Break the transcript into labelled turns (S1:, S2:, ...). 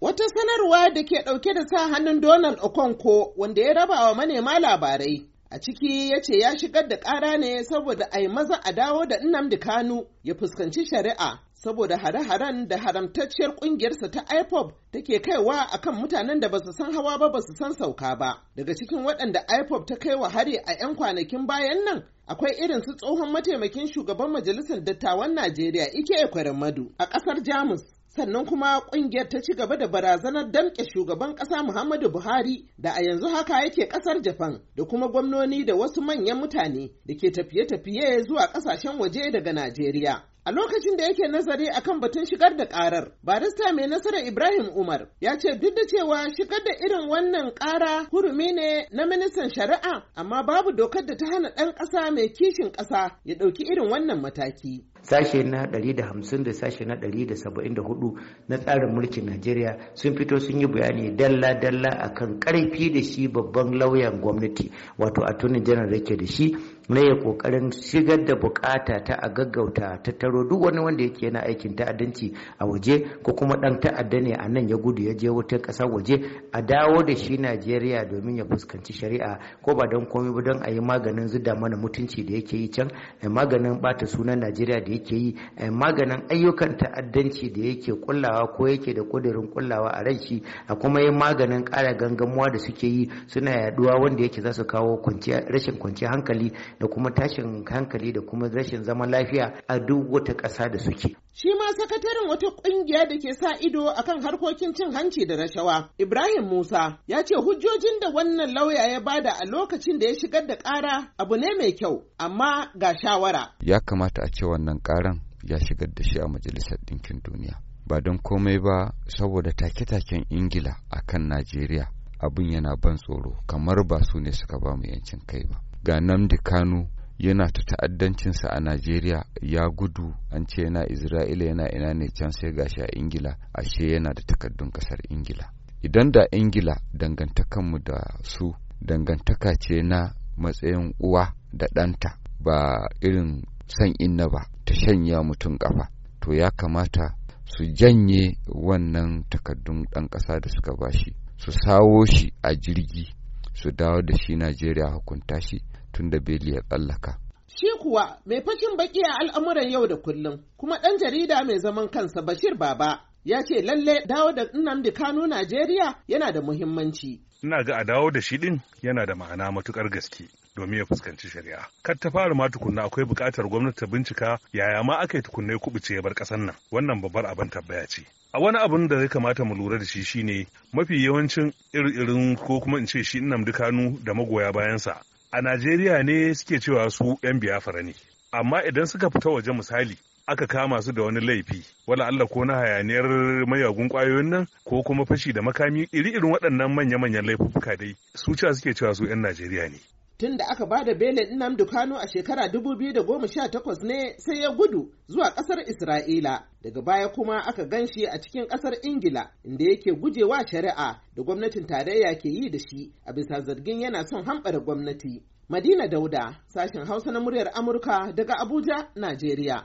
S1: Wata sanarwa da ke ɗauke da sa hannun Donald Okonko wanda ya raba wa manema labarai. A ciki ya ce ya shigar da ƙara ne saboda a yi maza a dawo da Nnamdi Kanu ya fuskanci shari'a saboda hare-haren da haramtacciyar ƙungiyarsa ta IPOB take kaiwa a kan mutanen da ba su san hawa ba su san sauka ba. Daga cikin waɗanda IPOB ta kaiwa hari a 'yan kwanakin bayan nan akwai irin su tsohon mataimakin shugaban majalisar dattawan Najeriya Ike madu a ƙasar Jamus. sannan kuma kungiyar ta ci gaba da barazanar damke shugaban kasa Muhammadu Buhari da a yanzu haka yake kasar Japan da kuma gwamnoni da wasu manyan mutane da ke tafiye-tafiye zuwa kasashen waje daga Najeriya. A lokacin da yake nazari akan batun shigar da ƙarar, barista mai nasarar Ibrahim Umar ya ce duk da cewa shigar da irin wannan ƙara hurumi ne na ministan shari'a, amma babu dokar da ta hana ɗan ƙasa mai kishin ƙasa ya ɗauki irin wannan mataki.
S2: Sashe na 150 da sashe na 174 na tsarin mulkin Najeriya sun fito sun yi bayani dalla-dalla akan ƙarfi da shi babban lauyan gwamnati wato attorney general janar da shi muna kokarin shigar da bukata ta a gaggauta ta taro duk wani wanda yake yana aikin ta'addanci a waje ko kuma dan ta'adda ne a nan ya gudu ya je wata ƙasa waje a dawo da shi Najeriya domin ya fuskanci shari'a ko ba don komai ba don a yi maganin zuda mana mutunci da yake yi can maganin bata sunan Najeriya da yake yi maganin ayyukan ta'addanci da yake kullawa ko yake da kudirin kullawa a ran shi a kuma yi maganin ƙara gangamuwa da suke yi suna yaduwa wanda yake za su kawo rashin kwanciyar hankali da kuma tashin hankali da kuma rashin zaman lafiya a duk wata ƙasa da suke.
S1: Shi ma sakataren wata ƙungiya da ke sa ido akan harkokin cin hanci da rashawa, Ibrahim Musa, ya ce hujjojin da wannan lauya ya bada a lokacin da ya shigar da ƙara abu ne mai kyau, amma ga shawara.
S3: Ya kamata a ce wannan ƙaran ya shigar da shi a Majalisar Ɗinkin Duniya. Ba don komai ba saboda take-taken Ingila a kan Najeriya abin yana ban tsoro kamar ba su ne suka ba mu 'yancin kai ba. ga namdi Kano yana ta ta'addancinsa a najeriya ya gudu an ce yana isra'ila yana ina ne can sai gashi a ingila ashe yana da takardun kasar ingila idan da ingila dangantakanmu da su dangantaka ce na matsayin uwa da ɗanta ba irin san inna ba ta shanya mutum ƙafa to ya kamata su janye wannan takardun ɗan ƙasa da suka bashi su sawo shi a jirgi su dawo da shi najeriya hukunta shi tun da beli ya tsallaka.
S1: Shi kuwa mai fashin baki a al'amuran yau da kullum kuma ɗan jarida mai zaman kansa Bashir Baba ya ce lalle dawo da Nnamdi kanu Najeriya yana da muhimmanci.
S4: Ina ga a dawo da shi ɗin yana da ma'ana matuƙar gaske. domin ya fuskanci shari'a. Kar ta fara ma tukunna akwai buƙatar gwamnati ta bincika yaya ma aka yi tukunna ya kubuce ya bar ƙasar nan. Wannan babbar abin tabbaya ce. A wani abin da zai kamata mu lura da shi shine mafi yawancin iri-irin ko kuma in ce shi Nnamdi Kanu da magoya bayansa a najeriya ne suke cewa su 'yan biyafara ne amma idan suka fita waje misali aka kama su da wani laifi wala Allah ko na hayaniyar mayagun ƙwayoyin nan ko kuma fashi da makami iri irin waɗannan manya-manyan laifuka dai su cewa suke cewa su 'yan Najeriya ne
S1: tun da aka bada belin Nnamdi Kano a shekara 2018 ne sai ya gudu zuwa ƙasar Isra'ila. Daga baya kuma aka gan shi a cikin ƙasar Ingila inda yake gujewa shari'a da gwamnatin tarayya ke yi da shi a bisa zargin yana son hamɓara gwamnati. Madina Dauda, sashen Hausa na muryar Amurka daga Abuja, Najeriya.